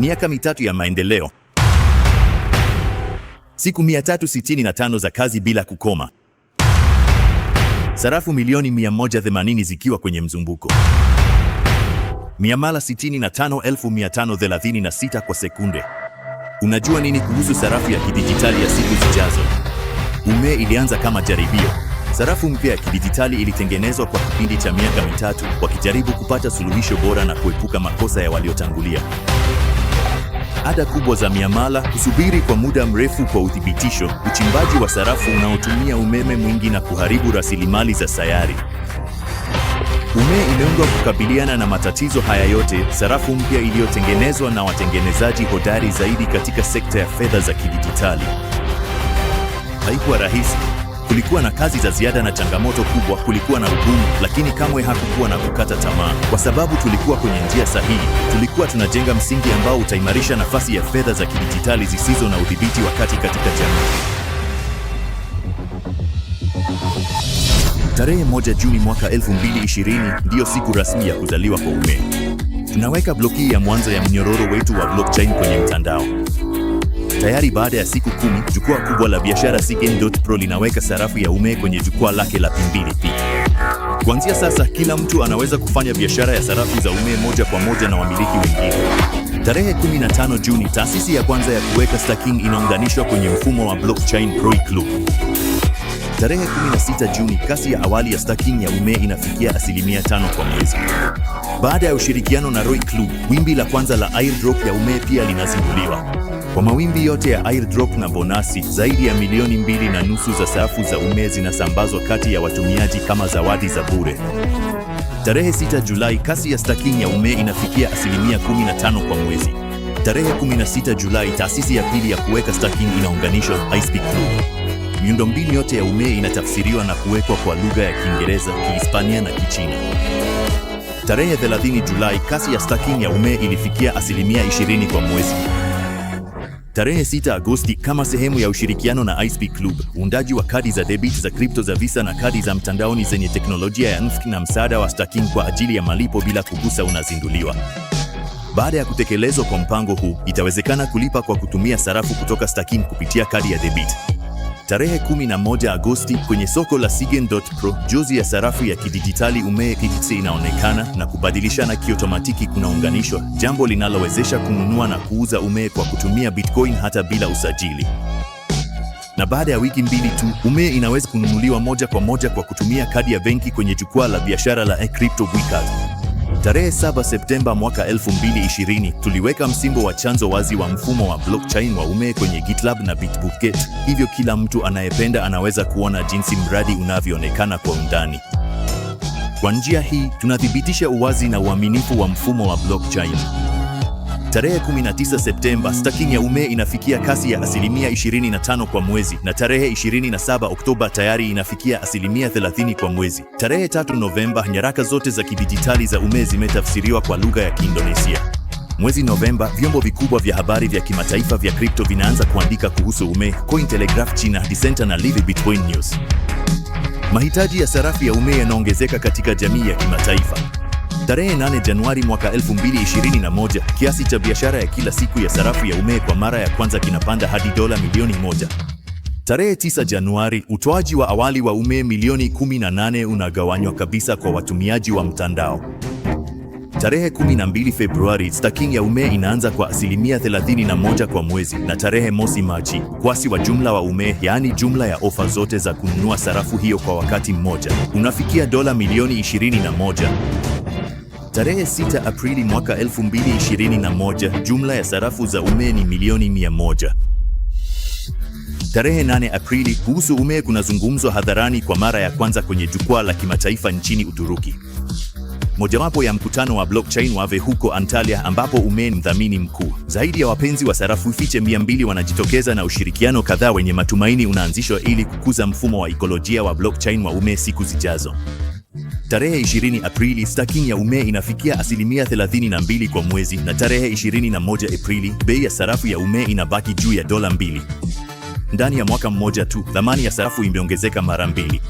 Miaka mitatu ya maendeleo, siku 365 za kazi bila kukoma, sarafu milioni 180 zikiwa kwenye mzunguko, miamala 65536 kwa sekunde. Unajua nini kuhusu sarafu ya kidijitali ya siku zijazo? UME ilianza kama jaribio. Sarafu mpya ya kidijitali ilitengenezwa kwa kipindi cha miaka mitatu, wakijaribu kupata suluhisho bora na kuepuka makosa ya waliotangulia ada kubwa za miamala, kusubiri kwa muda mrefu kwa uthibitisho, uchimbaji wa sarafu unaotumia umeme mwingi na kuharibu rasilimali za sayari. UME imeundwa kukabiliana na matatizo haya yote, sarafu mpya iliyotengenezwa na watengenezaji hodari zaidi katika sekta ya fedha za kidijitali. Haikuwa rahisi. Kulikuwa na kazi za ziada na changamoto kubwa, kulikuwa na ugumu, lakini kamwe hakukuwa na kukata tamaa, kwa sababu tulikuwa kwenye njia sahihi. Tulikuwa tunajenga msingi ambao utaimarisha nafasi ya fedha za kidijitali zisizo na udhibiti wa kati katika jamii. Tarehe moja Juni mwaka 2020 ndiyo siku rasmi ya kuzaliwa kwa Umeme. Tunaweka bloki ya mwanzo ya mnyororo wetu wa blockchain kwenye mtandao. Tayari baada ya siku kumi, jukwaa kubwa la biashara Sigen.Pro linaweka sarafu ya UME kwenye jukwaa lake la Pimbili 2 p Kuanzia sasa, kila mtu anaweza kufanya biashara ya sarafu za UME moja kwa moja na wamiliki wengine. Tarehe 15 Juni, taasisi ya kwanza ya kuweka staking inaunganishwa kwenye mfumo wa blockchain Roi Club. Tarehe 16 Juni, kasi ya awali ya staking ya UME inafikia asilimia tano kwa mwezi. Baada ya ushirikiano na Roi Club, wimbi la kwanza la airdrop ya UME pia linazinduliwa. Kwa mawimbi yote ya airdrop na bonasi, zaidi ya milioni mbili na nusu za safu za ume zinasambazwa kati ya watumiaji kama zawadi za bure. Tarehe 6 Julai, kasi ya staking ya ume inafikia asilimia 15 kwa mwezi. Tarehe 16 Julai, taasisi ya pili ya kuweka staking inaunganishwa IcePick Club. Miundombinu yote ya ume inatafsiriwa na kuwekwa kwa lugha ya Kiingereza, Kihispania na Kichina. Tarehe 30 Julai, kasi ya staking ya ume ilifikia asilimia 20 kwa mwezi. Tarehe 6 Agosti, kama sehemu ya ushirikiano na ISP Club, uundaji wa kadi za debit za kripto za Visa na kadi za mtandaoni zenye teknolojia ya NFC na msaada wa staking kwa ajili ya malipo bila kugusa unazinduliwa. Baada ya kutekelezwa kwa mpango huu, itawezekana kulipa kwa kutumia sarafu kutoka staking kupitia kadi ya debit tarehe 11 Agosti kwenye soko la Sigen.pro, jozi ya sarafu ya kidijitali Umeye Kiditse inaonekana na kubadilishana kiotomatiki kunaunganishwa, jambo linalowezesha kununua na kuuza Umeye kwa kutumia Bitcoin hata bila usajili. Na baada ya wiki mbili tu, Umeye inaweza kununuliwa moja kwa moja kwa kutumia kadi ya benki kwenye jukwaa la biashara la eCrypto Bwikaz. Tarehe 7 Septemba mwaka 2020 tuliweka msimbo wa chanzo wazi wa mfumo wa blockchain wa Ume kwenye GitLab na Bitbucket, hivyo kila mtu anayependa anaweza kuona jinsi mradi unavyoonekana kwa undani. Kwa njia hii tunathibitisha uwazi na uaminifu wa mfumo wa blockchain. Tarehe 19 Septemba, stakin ya UME inafikia kasi ya asilimia 25 kwa mwezi, na tarehe 27 Oktoba tayari inafikia asilimia 30 kwa mwezi. Tarehe 3 Novemba, nyaraka zote za kidijitali za UME zimetafsiriwa kwa lugha ya Kiindonesia. Mwezi Novemba, vyombo vikubwa vya habari vya kimataifa vya kripto vinaanza kuandika kuhusu UME: Cointelegraph China, Dissenter na Livi Bitcoin News. Mahitaji ya sarafu ya UME yanaongezeka katika jamii ya kimataifa. Tarehe 8 Januari mwaka 2021, kiasi cha biashara ya kila siku ya sarafu ya ume kwa mara ya kwanza kinapanda hadi dola milioni moja. Tarehe 9 Januari, utoaji wa awali wa ume milioni 18 unagawanywa kabisa kwa watumiaji wa mtandao. Tarehe 12 Februari, staking ya ume inaanza kwa asilimia 31 kwa mwezi, na tarehe mosi Machi, kwasi wa jumla wa ume yaani jumla ya ofa zote za kununua sarafu hiyo kwa wakati mmoja, unafikia dola milioni 21. Tarehe 6 Aprili mwaka 2021, jumla ya sarafu za umeme ni milioni 100. Tarehe 8 Aprili, kuhusu umeme kunazungumzwa hadharani kwa mara ya kwanza kwenye jukwaa la kimataifa nchini Uturuki, mojawapo ya mkutano wa blockchain wave huko Antalya, ambapo umeme mdhamini mkuu. Zaidi ya wapenzi wa sarafu fiche 200 wanajitokeza na ushirikiano kadhaa wenye matumaini unaanzishwa ili kukuza mfumo wa ikolojia wa blockchain wa umeme siku zijazo. Tarehe 20 Aprili staking ya ume inafikia asilimia 32 kwa mwezi, na tarehe 21 Aprili bei ya sarafu ya umeme inabaki juu ya dola mbili. Ndani ya mwaka mmoja tu thamani ya sarafu imeongezeka mara mbili.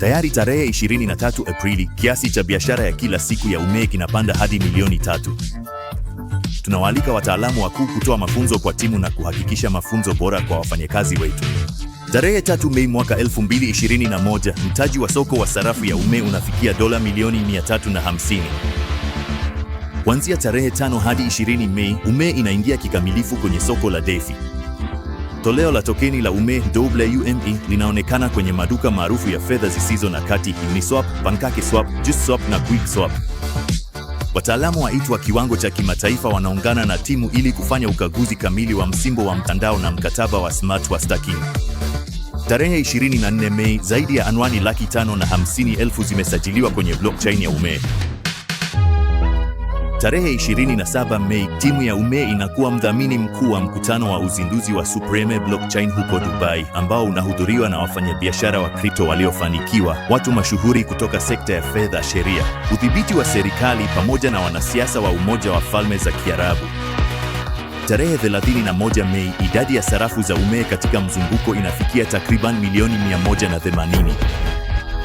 Tayari tarehe 23 Aprili kiasi cha biashara ya kila siku ya umeme kinapanda hadi milioni tatu. Tunawaalika wataalamu wakuu kutoa mafunzo kwa timu na kuhakikisha mafunzo bora kwa wafanyakazi wetu. Tarehe tatu Mei mwaka 2021, mtaji wa soko wa sarafu ya ume unafikia dola milioni 350. Kuanzia tarehe tano hadi 20 Mei, ume inaingia kikamilifu kwenye soko la DeFi. Toleo la tokeni la ume WME linaonekana kwenye maduka maarufu ya fedha zisizo na kati Uniswap, PancakeSwap, JustSwap na QuickSwap. Wataalamu wa IT wa kiwango cha kimataifa wanaungana na timu ili kufanya ukaguzi kamili wa msimbo wa mtandao na mkataba wa smart wa staking. Tarehe 24 Mei, zaidi ya anwani laki tano na hamsini elfu zimesajiliwa kwenye blockchain ya Umee. Tarehe 27 Mei, timu ya Umee inakuwa mdhamini mkuu wa mkutano wa uzinduzi wa Supreme Blockchain huko Dubai, ambao unahudhuriwa na wafanyabiashara wa kripto waliofanikiwa, watu mashuhuri kutoka sekta ya fedha, sheria, udhibiti wa serikali, pamoja na wanasiasa wa Umoja wa Falme za Kiarabu. Tarehe 31 Mei, idadi ya sarafu za umeme katika mzunguko inafikia takriban milioni 180.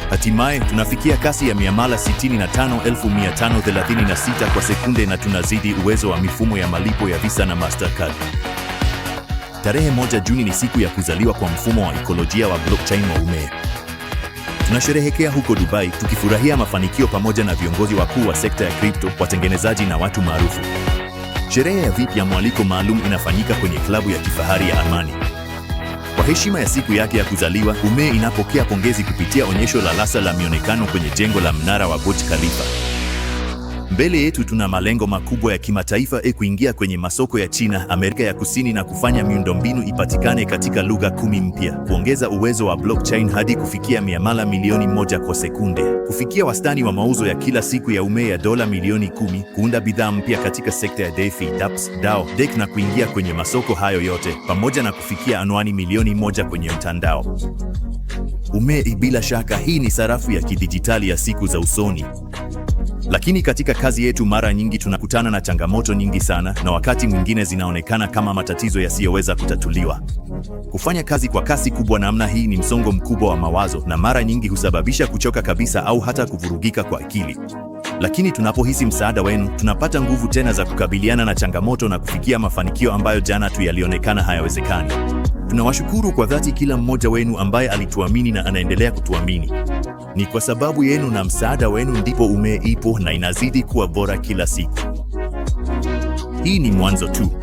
Hatimaye tunafikia kasi ya miamala 65536 kwa sekunde na tunazidi uwezo wa mifumo ya malipo ya Visa na Mastercard. Tarehe 1 Juni ni siku ya kuzaliwa kwa mfumo wa ekolojia wa blockchain wa umeme. Tunasherehekea huko Dubai tukifurahia mafanikio pamoja na viongozi wakuu wa sekta ya kripto, watengenezaji na watu maarufu. Sherehe ya VIP ya mwaliko maalum inafanyika kwenye klabu ya kifahari ya Amani. Kwa heshima ya siku yake ya kuzaliwa, Ummy inapokea pongezi kupitia onyesho la lasa la mionekano kwenye jengo la mnara wa Burj Khalifa. Mbele yetu tuna malengo makubwa ya kimataifa e, kuingia kwenye masoko ya China, Amerika ya Kusini na kufanya miundombinu ipatikane katika lugha kumi mpya, kuongeza uwezo wa blockchain hadi kufikia miamala milioni moja kwa sekunde, kufikia wastani wa mauzo ya kila siku ya umeme ya dola milioni kumi, kuunda bidhaa mpya katika sekta ya DeFi, dApps, DAO, DEX na kuingia kwenye masoko hayo yote, pamoja na kufikia anwani milioni moja kwenye mtandao UMEI, Bila shaka hii ni sarafu ya kidijitali ya siku za usoni. Lakini katika kazi yetu mara nyingi tunakutana na changamoto nyingi sana, na wakati mwingine zinaonekana kama matatizo yasiyoweza kutatuliwa. Kufanya kazi kwa kasi kubwa namna hii ni msongo mkubwa wa mawazo, na mara nyingi husababisha kuchoka kabisa au hata kuvurugika kwa akili. Lakini tunapohisi msaada wenu, tunapata nguvu tena za kukabiliana na changamoto na kufikia mafanikio ambayo jana tu yalionekana hayawezekani. Tunawashukuru kwa dhati kila mmoja wenu ambaye alituamini na anaendelea kutuamini. Ni kwa sababu yenu na msaada wenu ndipo umeipo na inazidi kuwa bora kila siku. Hii ni mwanzo tu.